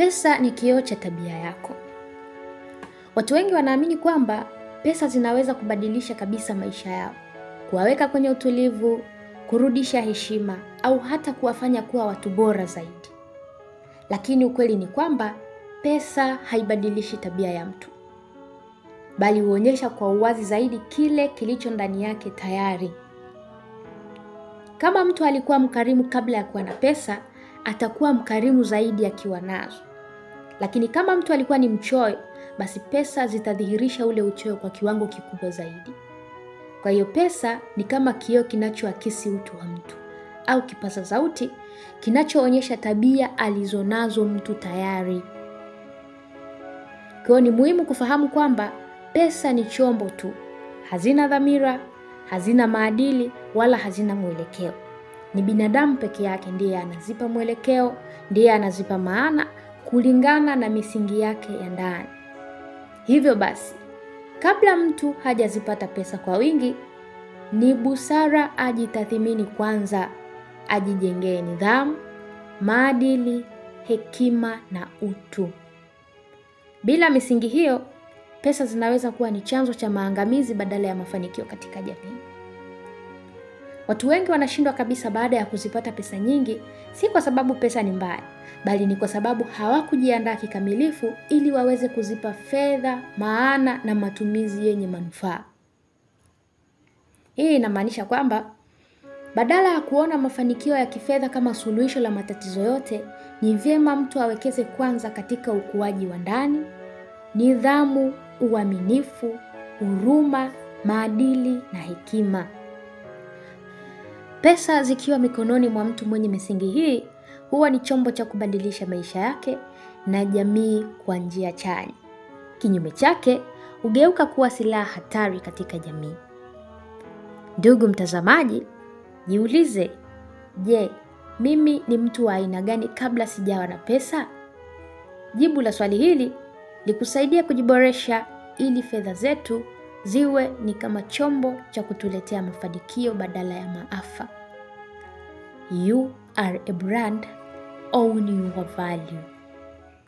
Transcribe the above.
Pesa ni kioo cha tabia yako. Watu wengi wanaamini kwamba pesa zinaweza kubadilisha kabisa maisha yao, kuwaweka kwenye utulivu, kurudisha heshima au hata kuwafanya kuwa watu bora zaidi. Lakini ukweli ni kwamba pesa haibadilishi tabia ya mtu, bali huonyesha kwa uwazi zaidi kile kilicho ndani yake tayari. Kama mtu alikuwa mkarimu kabla ya kuwa na pesa, atakuwa mkarimu zaidi akiwa nazo. Lakini kama mtu alikuwa ni mchoyo, basi pesa zitadhihirisha ule uchoyo kwa kiwango kikubwa zaidi. Kwa hiyo pesa ni kama kioo kinachoakisi utu wa mtu au kipaza sauti kinachoonyesha tabia alizonazo mtu tayari. Kwa hiyo ni muhimu kufahamu kwamba pesa ni chombo tu, hazina dhamira, hazina maadili wala hazina mwelekeo. Ni binadamu peke yake ndiye anazipa mwelekeo, ndiye anazipa maana kulingana na misingi yake ya ndani. Hivyo basi, kabla mtu hajazipata pesa kwa wingi, ni busara ajitathimini kwanza, ajijengee nidhamu, maadili, hekima na utu. Bila misingi hiyo, pesa zinaweza kuwa ni chanzo cha maangamizi badala ya mafanikio katika jamii. Watu wengi wanashindwa kabisa baada ya kuzipata pesa nyingi, si kwa sababu pesa ni mbaya bali ni kwa sababu hawakujiandaa kikamilifu ili waweze kuzipa fedha maana na matumizi yenye manufaa. Hii inamaanisha kwamba badala ya kuona mafanikio ya kifedha kama suluhisho la matatizo yote, ni vyema mtu awekeze kwanza katika ukuaji wa ndani, nidhamu, uaminifu, huruma, maadili na hekima. Pesa zikiwa mikononi mwa mtu mwenye misingi hii huwa ni chombo cha kubadilisha maisha yake na jamii kwa njia chanya. Kinyume chake, hugeuka kuwa silaha hatari katika jamii. Ndugu mtazamaji, jiulize, je, mimi ni mtu wa aina gani kabla sijawa na pesa? Jibu la swali hili likusaidia kujiboresha ili fedha zetu ziwe ni kama chombo cha kutuletea mafanikio badala ya maafa. You are a brand. ou nenhum orvalho.